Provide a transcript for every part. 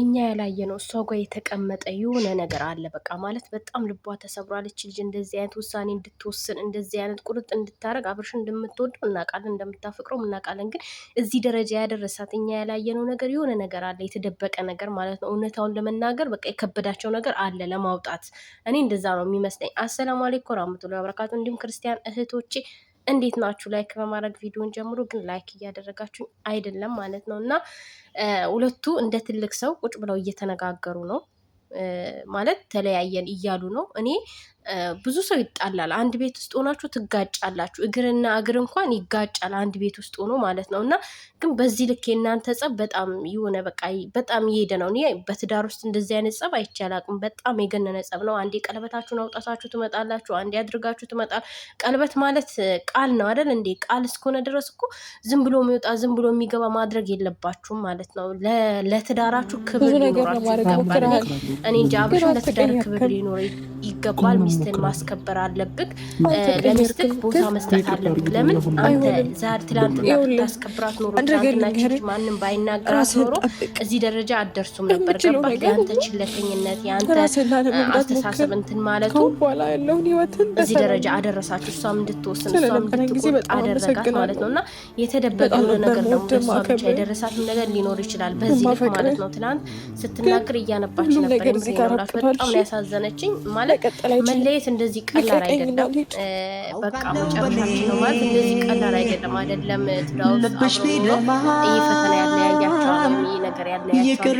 እኛ ያላየነው እሷ ጋር የተቀመጠ የሆነ ነገር አለ። በቃ ማለት በጣም ልቧ ተሰብሯለች። ልጅ እንደዚህ አይነት ውሳኔ እንድትወስን እንደዚህ አይነት ቁርጥ እንድታደረግ አብርሽን እንደምትወደው እናውቃለን፣ እንደምታፈቅረው እናውቃለን። ግን እዚህ ደረጃ ያደረሳት እኛ ያላየነው ነገር የሆነ ነገር አለ፣ የተደበቀ ነገር ማለት ነው። እውነታውን ለመናገር በቃ የከበዳቸው ነገር አለ ለማውጣት። እኔ እንደዛ ነው የሚመስለኝ። አሰላሙ አለይኩም ወራህመቱላሂ ወበረካቱ። እንዲሁም ክርስቲያን እህቶቼ እንዴት ናችሁ? ላይክ በማድረግ ቪዲዮን ጀምሮ ግን ላይክ እያደረጋችሁ አይደለም ማለት ነው እና ሁለቱ እንደ ትልቅ ሰው ቁጭ ብለው እየተነጋገሩ ነው። ማለት ተለያየን እያሉ ነው። እኔ ብዙ ሰው ይጣላል። አንድ ቤት ውስጥ ሆናችሁ ትጋጫላችሁ። እግርና እግር እንኳን ይጋጫል አንድ ቤት ውስጥ ሆኖ ማለት ነው። እና ግን በዚህ ልክ የእናንተ ጸብ በጣም የሆነ በቃ በጣም እየሄደ ነው። እኔ በትዳር ውስጥ እንደዚህ አይነት ጸብ አይቼ አላቅም። በጣም የገነነ ጸብ ነው። አንዴ ቀለበታችሁን አውጣታችሁ ትመጣላችሁ። አንዴ አድርጋችሁ ትመጣል። ቀለበት ማለት ቃል ነው አደል እንዴ? ቃል እስከሆነ ድረስ እኮ ዝም ብሎ የሚወጣ ዝም ብሎ የሚገባ ማድረግ የለባችሁም ማለት ነው። ለትዳራችሁ ክብር ይኖራችሁ እኔ እንጂ አብርሽ ለትዳር ክብር ሊኖር ይገባል። ሚስትን ማስከበር አለብክ። ለሚስትክ ቦታ መስጠት አለብክ። ለምን አንተ ዛሬ ትላንትና ብታስከብራት ኖሮ ትላንትና ማንም ባይናገራት ኖሮ እዚህ ደረጃ አደርሱም ነበር። ገባ የአንተ ችለተኝነት የአንተ አስተሳሰብ እንትን ማለቱ እዚህ ደረጃ አደረሳችሁ። እሷም እንድትወስን እሷም እንድትቆጥ አደረጋት ማለት ነው። እና የተደበቀ ነገር ደግሞ እሷ ብቻ የደረሳትም ነገር ሊኖር ይችላል። በዚህ ልክ ማለት ነው። ትናንት ስትናገር እያነባች ነበር ነገር እዚህ ጋር በጣም ያሳዘነችኝ ማለት መለየት እንደዚህ ቀላል አይደለም። በቃ መጨረሻችን ነው ማለት እንደዚህ ቀላል አይደለም። አይደለም ትዳውስ ያለያያቸዋል፣ ይህ ነገር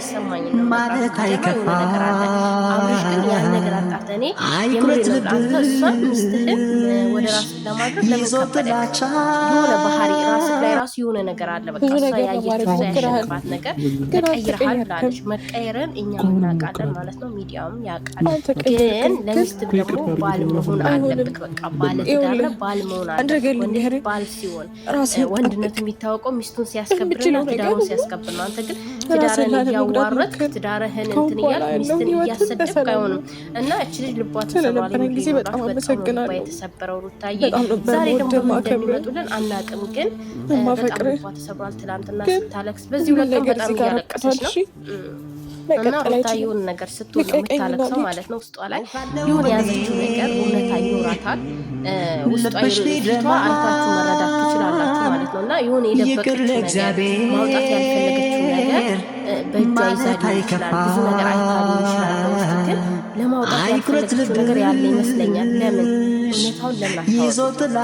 ይሰማኝ ነው ማለት ነገር አለ ባህሪ ራስ ላይ ራሱ የሆነ ነገር አለ በቃ ነገር ተቀይረሃል መቀየርን እኛ እናውቃለን ማለት ነው፣ ሚዲያውም ያውቃል። ግን ለሚስት ደግሞ ባል መሆን አለብክ። በቃ ባል መሆን አለብክ። ባል ሲሆን ወንድነቱ የሚታወቀው ሚስቱን ሲያስከብርና ትዳሩን ሲያስከብር ነው። አንተ ግን ትዳርን እያዋረድክ ትዳርህን እንትን እያልክ ሚስትን እያሰደብክ አይሆንም። እና እች ልጅ ልቧ ተሰብሯል። በጣም ልቧ የተሰበረው ሩታዬ ዛሬ ደግሞ እንደሚመጡልን አናቅም፣ ግን በጣም ልቧ ተሰብሯል። ትናንትና ስታለቅስ በዚህ ሁለት ቀን በጣም እያለቀሰች ነው እና ሩታ የሆነ ነገር ስትሆን የምታለቅሰው ማለት ነው። ውስጧ ላይ የሆነ የያዘችው ነገር እውነታ ይኖራታል። ውስጧ ፊቷ አይታችሁ መረዳ ብላ የሆነ የደበቀችው ነገር ማውጣት ያልፈለገችው ነገር ለማውጣት ነገር ያለ ይመስለኛል። ለምን እውነታውን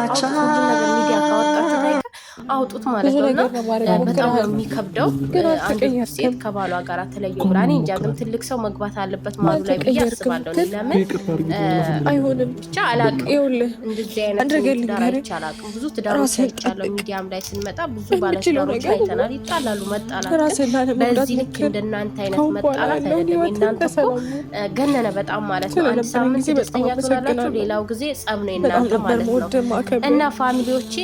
አውጡት ማለት ነው። እና በጣም ነው የሚከብደው። አንድ ሴት ከባሏ ጋር ተለየ ብራኔ እንጃ። ግን ትልቅ ሰው መግባት አለበት ማሉ ላይ ብዬ አስባለሁ። ለምን አይሆንም ብቻ አላቅም። እንደዚህ አይነት ትዳሮች አላቅም። ብዙ ትዳሮች አይቻለሁ። ሚዲያም ላይ ስንመጣ ብዙ ባለትዳሮች አይተናል። ይጣላሉ። መጣላት በዚህ ልክ እንደናንተ አይነት መጣላት አይደለም። እናንተ እኮ ገነነ በጣም ማለት ነው። አንድ ሳምንት ደስተኛ ትሆናላችሁ፣ ሌላው ጊዜ ጸብ ነው የእናንተ ማለት ነው። እና ፋሚሊዎቼ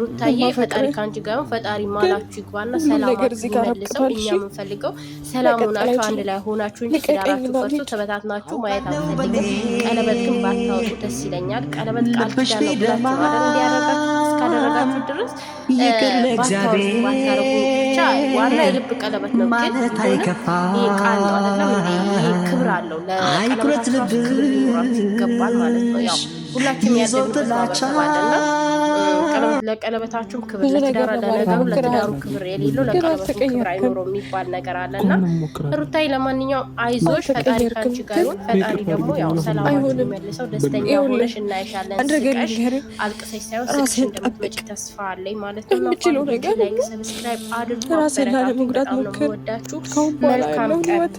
ሩታዬ ፈጣሪ ከአንቺ ጋር ፈጣሪ ማላችሁ ይግባና ሰላማችሁ እኛ የምንፈልገው ሰላም ሆናችሁ አንድ ላይ ሆናችሁ እንጂ ትዳራችሁ ፈርሶ ተበታትናችሁ ማየት አንፈልግም። ቀለበት ግን ባታወጡ ደስ ይለኛል። ቀለበት ቃል ኪዳን ነው ብላችሁ እስካደረጋችሁ ድረስ ባታወጡ ባታረጉ ብቻ ለቀለበታችሁም ክብር ለትዳር ለነገሩ ለትዳሩ ክብር የሌለው ለቀለበቱ ክብር አይኖረው የሚባል ነገር አለ አለና ሩታይ ለማንኛውም አይዞሽ፣ ፈጣሪ ከአንቺ ጋር ይሁን። ፈጣሪ ደግሞ ያው ሰላማችሁን ይመልሰው። ደስተኛ ሆነሽ እናይሻለን። ስቀሽ አልቅሰሽ ሳይሆን ስቅሽ እንደምትመጪ ተስፋ አለኝ ማለት ነው። ላይክ ሰብስክራይብ አድርጉ። በጣም ነው የምወዳችሁ። መልካም ቀን